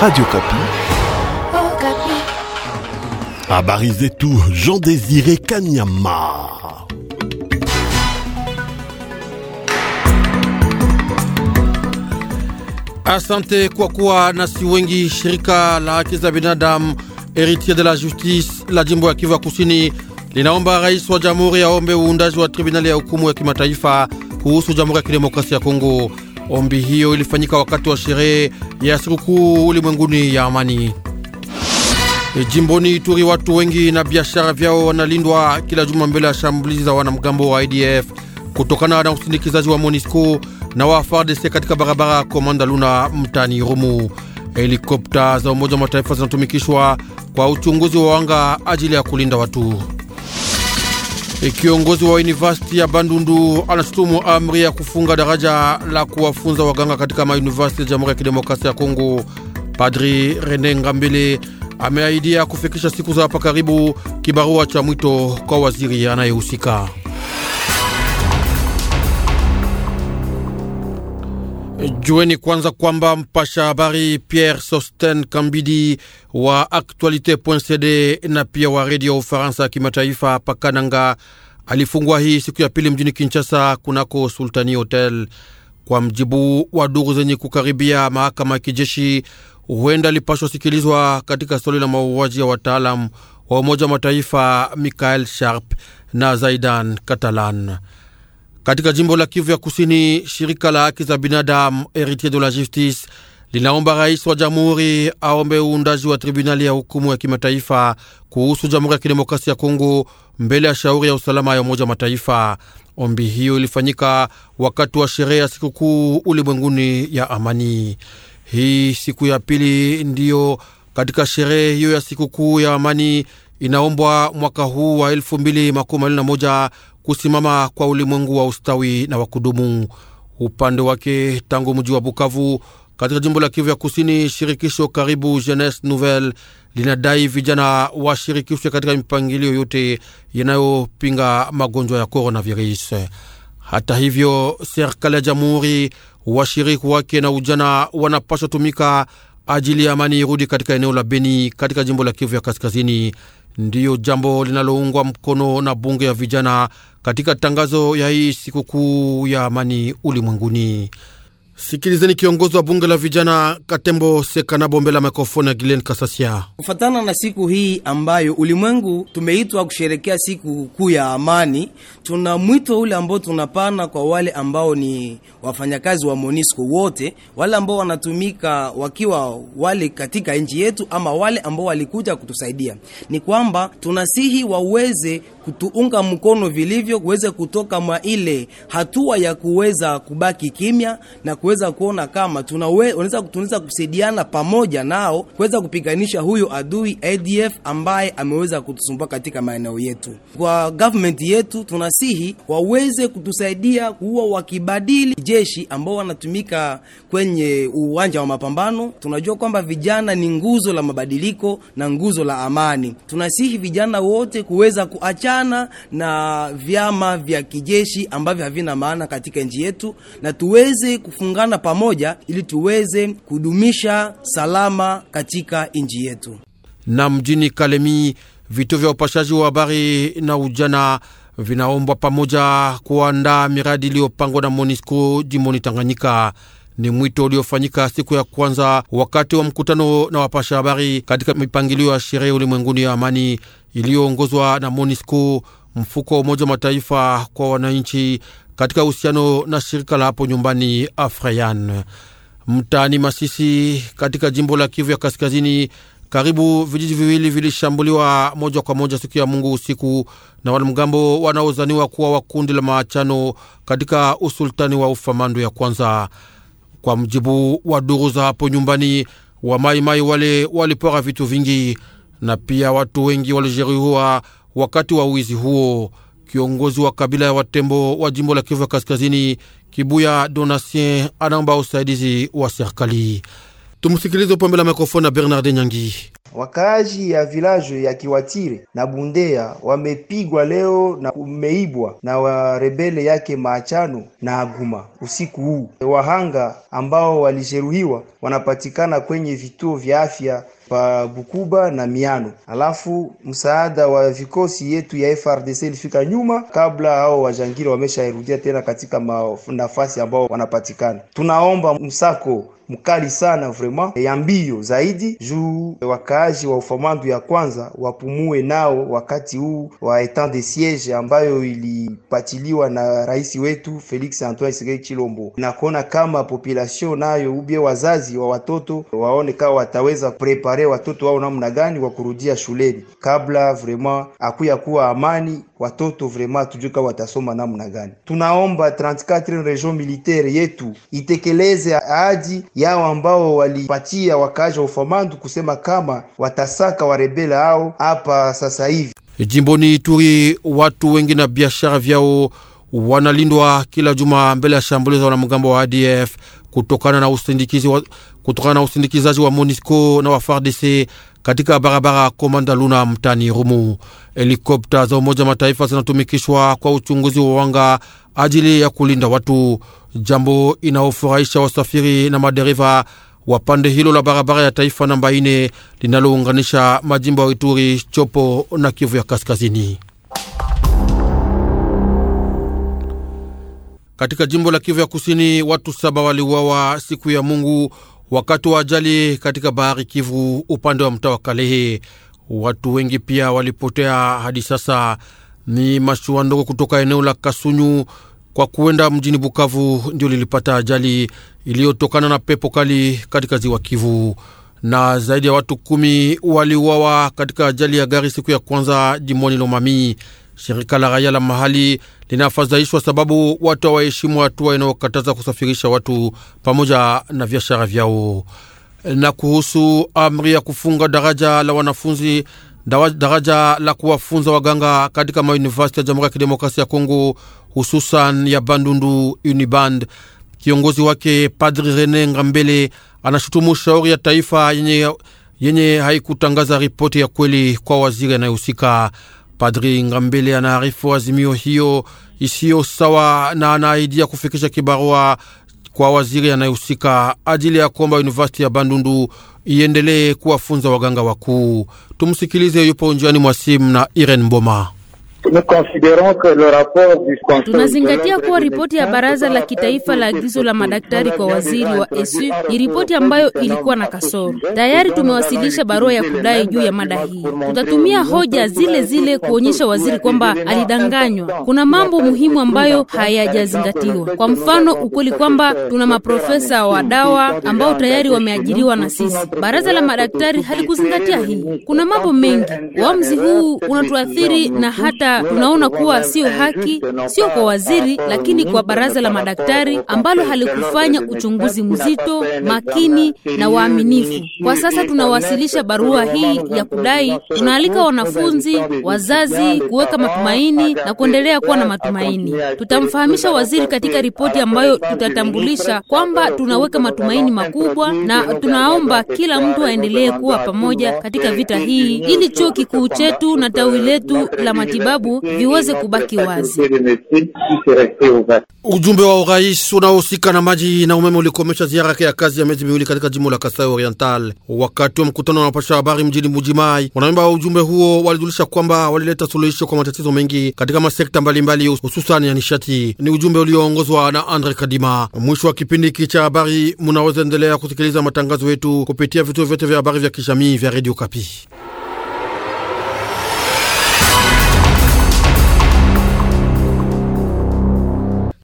Radio Capi. Oh, Capi. À tout, Jean Désiré Kanyama. Asante kwa kuwa nasi wengi. Shirika la haki za binadamu de la Justice la jimbo ya Kivu Kusini linaomba rais wa jamhuri aombe uundaji wa tribunali ya hukumu ya kimataifa kuhusu Jamhuri ya Kidemokrasia ya Kongo. Ombi hiyo ilifanyika wakati wa sherehe ya sikukuu ulimwenguni ya amani. E, jimboni Ituri watu wengi na biashara vyao wanalindwa kila juma mbele ya shambulizi za wanamgambo wa ADF kutokana na usindikizaji wa MONUSCO na wa FARDC katika barabara Komanda Luna mtani Rumu. Helikopta za Umoja wa Mataifa zinatumikishwa kwa uchunguzi wa anga ajili ya kulinda watu. E, kiongozi wa university ya Bandundu anashutumu amri ya kufunga daraja la kuwafunza waganga katika mayunivasiti ya Jamhuri ya Kidemokrasia ya Kongo. Padri Rene Ngambele ameahidia kufikisha siku za hapa karibu kibarua cha mwito kwa waziri anayehusika. Jueni kwanza kwamba mpasha habari Pierre Sosten Kambidi wa Actualite.cd na pia wa redio ya Ufaransa ya kimataifa Pakananga alifungwa hii siku ya pili mjini Kinshasa kunako Sultani Hotel. Kwa mjibu wa duru zenye kukaribia mahakama ya kijeshi, huenda alipashwa sikilizwa katika swali la mauaji ya wataalamu wa Umoja wa Mataifa Michael Sharp na Zaidan Catalan. Katika jimbo la Kivu ya Kusini, shirika la haki za binadamu Heritier de la Justice linaomba rais wa jamhuri aombe uundaji wa tribunali ya hukumu ya kimataifa kuhusu Jamhuri ya Kidemokrasia ya Kongo mbele ya shauri ya usalama ya Umoja Mataifa. Ombi hiyo ilifanyika wakati wa sherehe ya sikukuu ulimwenguni ya amani. Hii siku ya pili ndiyo katika sherehe hiyo ya sikukuu ya amani inaombwa mwaka huu wa elfu mbili makumi mbili na moja kusimama kwa ulimwengu wa ustawi na wa kudumu. Upande wake, tangu mji wa Bukavu katika jimbo la Kivu ya Kusini, shirikisho karibu Jeunesse Nouvelle linadai vijana washirikishwe katika mipangilio yote yanayopinga magonjwa ya coronavirus. Hata hivyo, serikali ya jamhuri, washiriki wake na ujana wanapaswa tumika ajili ya amani irudi katika eneo la Beni katika jimbo la Kivu ya Kaskazini ndiyo jambo linaloungwa mkono na bunge ya vijana katika tangazo ya hii sikukuu ya amani ulimwenguni. Sikilizeni kiongozi wa bunge la vijana Katembo Seka bombe la mikrofoni ya Gilen Kasasia. Kufatana na siku hii ambayo ulimwengu tumeitwa kusherekea siku kuu ya amani, tuna mwito ule ambao tunapana kwa wale ambao ni wafanyakazi wa Monisco wote, wale ambao wanatumika wakiwa wale katika nchi yetu, ama wale ambao walikuja kutusaidia, ni kwamba tunasihi waweze kutuunga mkono vilivyo, kuweze kutoka mwa ile hatua ya kuweza kubaki kimya na kuweza kuona kama tunaweza tunaweza kusaidiana pamoja nao kuweza kupiganisha huyo adui ADF ambaye ameweza kutusumbua katika maeneo yetu. Kwa government yetu tunasihi waweze kutusaidia kuwa wakibadili jeshi ambao wanatumika kwenye uwanja wa mapambano. Tunajua kwamba vijana ni nguzo la mabadiliko na nguzo la amani. Tunasihi vijana wote kuweza kuacha kuachana na vyama vya kijeshi ambavyo havina maana katika nchi yetu na tuweze kufungana pamoja ili tuweze kudumisha salama katika nchi yetu. Na mjini Kalemi, vituo vya upashaji wa habari na ujana vinaombwa pamoja kuandaa miradi iliyopangwa na Monisco jimboni Tanganyika. Ni mwito uliofanyika siku ya kwanza wakati wa mkutano na wapasha habari katika mipangilio ya sherehe ulimwenguni ya amani iliyoongozwa na MONUSCO, mfuko wa Umoja wa Mataifa kwa wananchi katika uhusiano na shirika la hapo nyumbani Afrayan mtaani Masisi katika jimbo la Kivu ya Kaskazini. Karibu vijiji viwili vilishambuliwa moja kwa moja siku ya Mungu usiku na wanamgambo wanaozaniwa kuwa wa kundi la maachano katika usultani wa Ufamandu ya kwanza. Kwa mjibu wa duru za hapo nyumbani, wa mai wale walipora vitu vingi na pia watu wengi walijeruhiwa wakati wa wizi huo. Kiongozi wa kabila ya Watembo wa jimbo la Kivu ya Kaskazini, Kibuya Donatien, anaomba usaidizi wa serikali. Tumsikilize upombe la mikrofoni na Bernard Nyangi. Wakaaji ya vilaje ya Kiwatire na Bundea wamepigwa leo na umeibwa na warebele yake Maachano na Aguma usiku huu. Wahanga ambao walijeruhiwa wanapatikana kwenye vituo vya afya pa Bukuba na Miano. Alafu msaada wa vikosi yetu ya FRDC ilifika nyuma kabla hao wajangiri wamesharudia tena katika nafasi ambao wanapatikana. Tunaomba msako mkali sana vraiment ya mbio zaidi, juu wakaaji wa ufamandu ya kwanza wapumue nao wakati huu wa etat de siege ambayo ilipatiliwa na rais wetu Felix Antoine Tshisekedi Chilombo, na kuona kama population nayo ubie wazazi wa watoto waone kama wataweza prepare watoto wao namna gani wa kurudia shuleni kabla vraiment akuya kuwa amani watoto vrema tujue kama watasoma namna gani. Tunaomba 34 region militaire yetu itekeleze ahadi yao ambao walipatia wakaaji wa Ufamandu kusema kama watasaka warebela hao hapa sasa hivi. Jimboni Ituri, watu wengi na biashara vyao wanalindwa kila juma mbele ya shambulio za wanamgambo wa ADF kutokana na usindikizaji wa, wa MONUSCO na wa FARDC katika barabara Komanda Luna mtani Rumu. Helikopta za Umoja Mataifa zinatumikishwa kwa uchunguzi wa wanga ajili ya kulinda watu, jambo inaofurahisha wasafiri na madereva wa pande hilo la barabara ya taifa namba ine linalounganisha majimbo ya Ituri, Chopo na Kivu ya Kaskazini. Katika jimbo la Kivu ya Kusini, watu saba waliuawa siku ya Mungu wakati wa ajali katika bahari Kivu upande wa mtaa wa Kalehe. Watu wengi pia walipotea. Hadi sasa ni mashua ndogo kutoka eneo la Kasunyu kwa kuenda mjini Bukavu ndio lilipata ajali iliyotokana na pepo kali katika ziwa Kivu, na zaidi ya watu kumi waliuawa katika ajali ya gari siku ya kwanza jimoni Lomami. Shirika la raia la mahali linafadhaishwa sababu watu hawaheshimu hatua inayokataza kusafirisha watu pamoja na biashara vyao. Na kuhusu amri ya kufunga daraja la wanafunzi daraja la kuwafunza waganga katika mauniversiti ya Jamhuri ya Kidemokrasia ya Kongo, hususan ya Bandundu Uniband, kiongozi wake Padri Rene Ngambele anashutumu shauri ya taifa yenye, yenye haikutangaza ripoti ya kweli kwa waziri anayehusika. Padri Ngambele anaarifu azimio hiyo isiyo sawa na anaaidia kufikisha kibarua kwa waziri anayehusika ajili ya kuomba Universiti ya Bandundu iendelee kuwafunza waganga wakuu. Tumsikilize, yupo njiani mwa simu na Irene Mboma. Tunazingatia kuwa ripoti ya baraza la kitaifa la agizo la madaktari kwa waziri wa ESU ni ripoti ambayo ilikuwa na kasoro. Tayari tumewasilisha barua ya kudai juu ya mada hii. Tutatumia hoja zile zile kuonyesha waziri kwamba alidanganywa. Kuna mambo muhimu ambayo hayajazingatiwa, kwa mfano ukweli kwamba tuna maprofesa wa dawa ambao tayari wameajiriwa na sisi. Baraza la madaktari halikuzingatia hii. Kuna mambo mengi. Uamuzi huu unatuathiri na hata tunaona kuwa sio uh, haki, sio kwa uh, waziri, lakini kwa baraza la uh, madaktari ambalo halikufanya uchunguzi mzito, makini na waaminifu. Kwa sasa tunawasilisha barua hii ya kudai, tunaalika wanafunzi, wazazi kuweka matumaini na kuendelea kuwa na matumaini. Tutamfahamisha waziri katika ripoti ambayo tutatambulisha kwamba tunaweka matumaini makubwa, na tunaomba kila mtu aendelee kuwa pamoja katika vita hii ili chuo kikuu chetu na tawi letu la matibabu sababu viweze kubaki wazi. Ujumbe wa urais unaohusika na maji na umeme ulikomesha ziara yake ya kazi ya miezi miwili katika jimbo la Kasai Oriental. Wakati wa mkutano na wapasha habari mjini Mujimai, wanamemba wa ujumbe huo walijulisha kwamba walileta suluhisho kwa matatizo mengi katika masekta mbalimbali, hususani ya nishati. Ni ujumbe ulioongozwa na Andre Kadima. Mwisho wa kipindi hiki cha habari, munaweza endelea kusikiliza matangazo yetu kupitia vituo vyote vya habari vya kijamii vya Radio Kapi.